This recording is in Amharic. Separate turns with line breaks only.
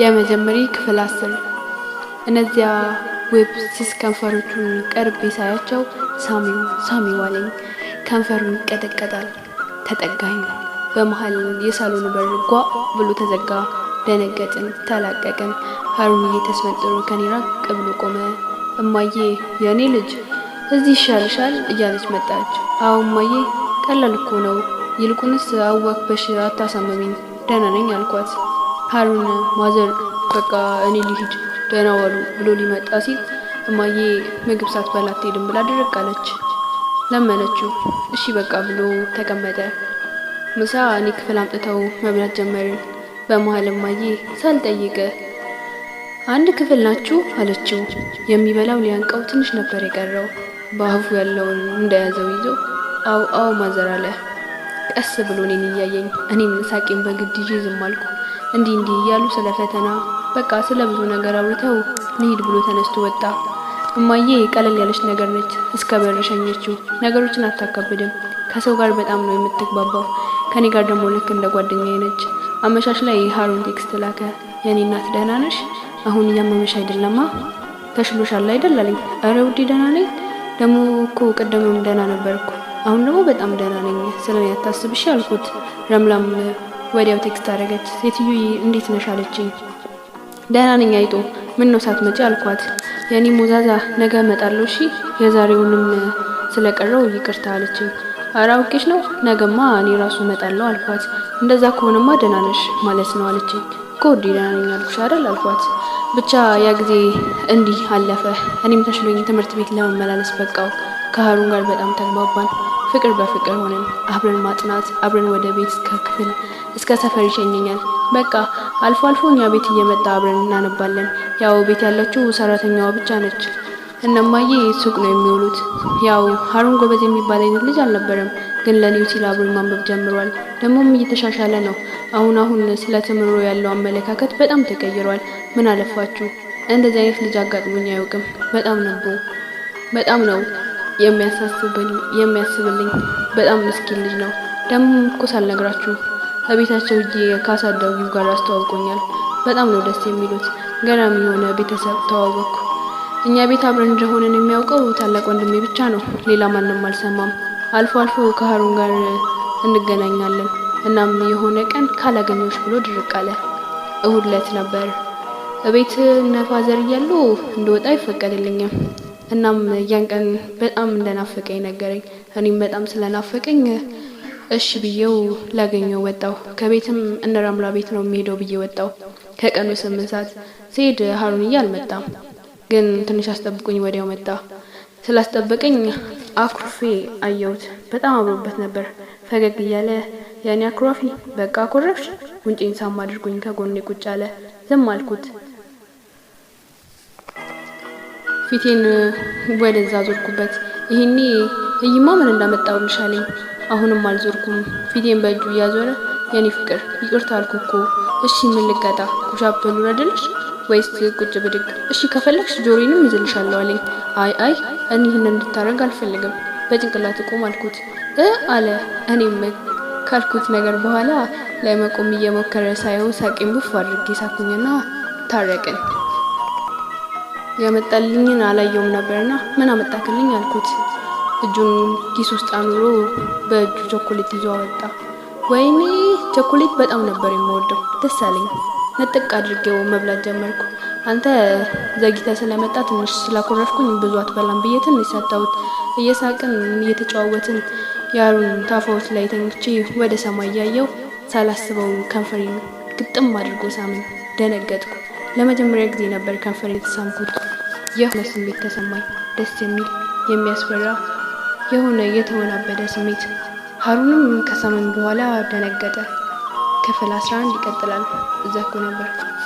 የመጀመሪ ክፍል አስር እነዚያ ውብ ስስ ከንፈሮቹን ቀርብ ይሳያቸው ሳሚው ሳሚ አለኝ። ከንፈሩ ይቀጠቀጣል። ተጠጋኝ። በመሀል የሳሎኑ በር ጓ ብሎ ተዘጋ። ደነገጥን፣ ተላቀቅን። ሀሩንዬ ተስመጥሮ ከኔራ ቅብሎ ብሎ ቆመ። እማዬ የእኔ ልጅ እዚህ ይሻልሻል እያለች መጣች። አሁ እማዬ ቀላል እኮ ነው። ይልቁንስ አወክ በሽ አታሳመሚኝ። ደህና ነኝ አልኳት። ሀሩን ማዘር በቃ እኔ ሊሂድ ደህና ዋሉ ብሎ ሊመጣ ሲል እማዬ ምግብ ሳትበላ አትሄድም ብላ ድርቅ አለች። ለመነችው። እሺ በቃ ብሎ ተቀመጠ። ምሳ እኔ ክፍል አምጥተው መብላት ጀመርን። በመሀል እማዬ ሳልጠይቀ አንድ ክፍል ናችሁ አለችው። የሚበላው ሊያንቀው ትንሽ ነበር የቀረው። በአፉ ያለውን እንደያዘው ይዞ አው አው ማዘር አለ። ቀስ ብሎ እኔን እያየኝ እኔም ሳቄን በግድ ይዤ ዝም አልኩ። እንዲህ እንዲህ እያሉ ስለ ፈተና በቃ ስለ ብዙ ነገር አውርተው እንሂድ ብሎ ተነስቶ ወጣ። እማዬ ቀለል ያለች ነገር ነች፣ እስከ በር ሸኘችው። ነገሮችን አታከብድም ከሰው ጋር በጣም ነው የምትግባባው። ከኔ ጋር ደግሞ ልክ እንደ ጓደኛዬ ነች። አመሻሽ ላይ ሀሩን ቴክስት ላከ። የኔ እናት ደህና ነሽ? አሁን እያመመሽ አይደለማ? ተሽሎሻል አይደል አለኝ። ኧረ ውዴ ደህና ነኝ። ደግሞ እኮ ቅድምም ደህና ነበርኩ፣ አሁን ደግሞ በጣም ደህና ነኝ። ስለኔ አታስብሽ አልኩት። ረምላም ወዲያው ቴክስት አደረገች። ሴትዮዬ እንዴት ነሽ አለችኝ። ደህና ነኝ አይጦ፣ ምን ነው ሳትመጪ አልኳት። የኔ ሞዛዛ ነገ እመጣለሁ እሺ፣ የዛሬውንም ስለቀረው ይቅርታ አለችኝ። ኧረ አውቄሽ ነው ነገማ እኔ ራሱ እመጣለሁ አልኳት። እንደዛ ከሆነማ ደህና ነሽ ማለት ነው አለችኝ። ከወዲ ደህና ነኝ አልኩሽ አይደል አልኳት። ብቻ ያ ጊዜ እንዲህ አለፈ። እኔም ተሽሎኝ ትምህርት ቤት ለመመላለስ በቃው። ከሀሩን ጋር በጣም ተግባባን። ፍቅር በፍቅር ሆነን አብረን ማጥናት አብረን ወደ ቤት እስከ ክፍል እስከ ሰፈር ይሸኘኛል። በቃ አልፎ አልፎ እኛ ቤት እየመጣ አብረን እናነባለን። ያው ቤት ያለችው ሰራተኛዋ ብቻ ነች። እነማዬ ሱቅ ነው የሚውሉት። ያው ሀሩን ጎበዝ የሚባል አይነት ልጅ አልነበረም፣ ግን ለኔው ሲል አብሮኝ ማንበብ ጀምሯል። ደግሞም እየተሻሻለ ነው። አሁን አሁን ስለ ትምሮ ያለው አመለካከት በጣም ተቀይሯል። ምን አለፋችሁ እንደዚህ አይነት ልጅ አጋጥሞኝ አያውቅም። በጣም ነቦ በጣም ነው የሚያስብልኝ በጣም ምስኪን ልጅ ነው። ደግሞ እኮ ሳልነግራችሁ ከቤታቸው እጅ ካሳደጉ ጋር አስተዋውቆኛል። በጣም ነው ደስ የሚሉት። ገራሚ የሆነ ቤተሰብ ተዋወቅኩ። እኛ ቤት አብረን እንደሆነን የሚያውቀው ታላቅ ወንድሜ ብቻ ነው። ሌላ ማንም አልሰማም። አልፎ አልፎ ከሀሩን ጋር እንገናኛለን። እናም የሆነ ቀን ካላገኘች ብሎ ድርቅ አለ። እሁድ ዕለት ነበር። እቤት ነፋዘር እያሉ እንደወጣ አይፈቀድልኝም። እናም ያን ቀን በጣም እንደናፈቀኝ ነገረኝ። እኔም በጣም ስለናፈቀኝ እሺ ብዬው ላገኘው ወጣው። ከቤትም እነራምላ ቤት ነው የሚሄደው ብዬ ወጣው። ከቀኑ ስምንት ሰዓት ሀሩን ሀሩንዬ አልመጣም፣ ግን ትንሽ አስጠብቁኝ። ወዲያው መጣ። ስላስጠበቀኝ አኩርፌ አየሁት። በጣም አብሮበት ነበር። ፈገግ እያለ ያኔ አኩራፊ፣ በቃ አኮረፍሽ፣ ጉንጬን ሳም አድርጉኝ ከጎኔ ቁጭ አለ። ዝም አልኩት። ፊቴን ወደዛ ዞርኩበት። ይህኔ እይማ ምን እንዳመጣውልሽ አለኝ። አሁንም አልዞርኩም። ፊቴን በእጁ እያዞረ የኔ ፍቅር ይቅርታ አልኩ እኮ። እሺ ምን ልቀጣ? ኩሻፕሉ ረድልሽ ወይስ ቁጭ ብድግ? እሺ ከፈለግሽ ጆሮዬንም ይዝልሻለሁ አለኝ። አይ አይ እኔ ይህን እንድታደርግ አልፈልግም። በጭንቅላት ቁም አልኩት እ አለ። እኔም ካልኩት ነገር በኋላ ላይ መቆም እየሞከረ ሳይሆን ሳቄን ቡፍ አድርጌ ሳኩኝና ታረቅን። ያመጣልኝን አላየውም ነበርና ምን አመጣክልኝ አልኩት። እጁን ኪስ ውስጥ አኑሮ በእጁ ቸኮሌት ይዞ አወጣ። ወይኔ ቸኮሌት በጣም ነበር የምወደው። ደስ አለኝ። ነጥቅ አድርጌው መብላት ጀመርኩ። አንተ ዘጊተ ስለመጣ ትንሽ ስላኮረፍኩኝ ብዙ አትበላም ብዬ ትንሽ ሰጠሁት። እየሳቅን እየተጨዋወትን ያሩን ታፋዎች ላይ ተኝቼ ወደ ሰማይ እያየው ሳላስበው ከንፈሬን ግጥም አድርጎ ሳምን። ደነገጥኩ። ለመጀመሪያ ጊዜ ነበር ከንፈሬ የተሳምኩት። የሆነ ስሜት ተሰማኝ። ደስ የሚል የሚያስፈራ የሆነ የተወናበደ ስሜት። ሀሩንም ከሰማን በኋላ ደነገጠ። ክፍል 11 ይቀጥላል። እዛ እኮ ነበር።